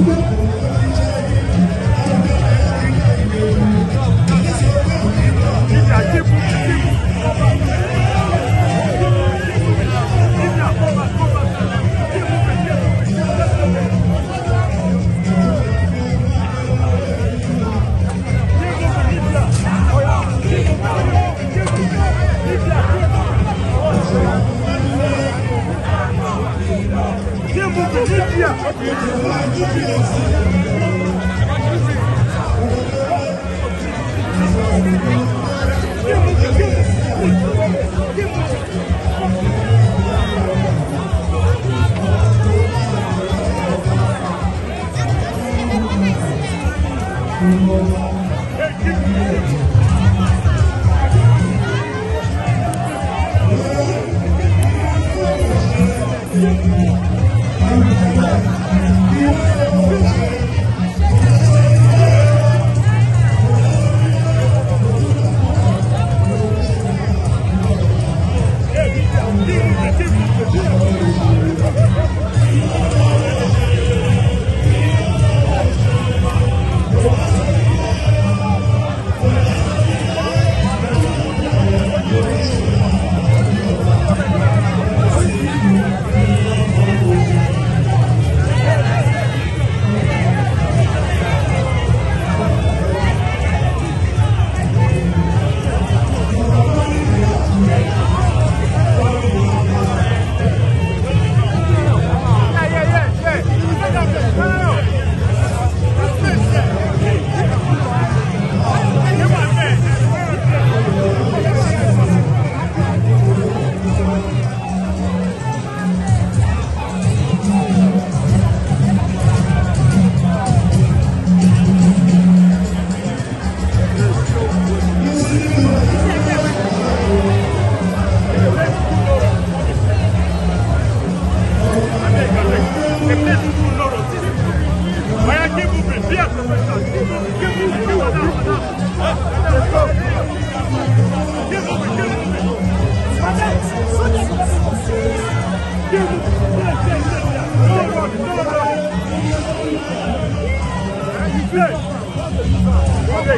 Música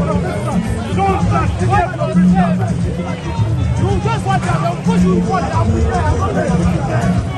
protestants. Don't start why Don't just want to push you for the African.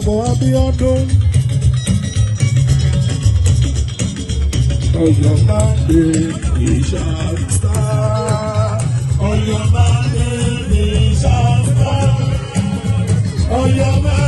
Dàbọ̀ Abíọ́dún. Ọ̀yọ́ máa dé ìṣàfà. Ọ̀yọ́ máa dé ìṣàfà. Ọ̀yọ́ máa.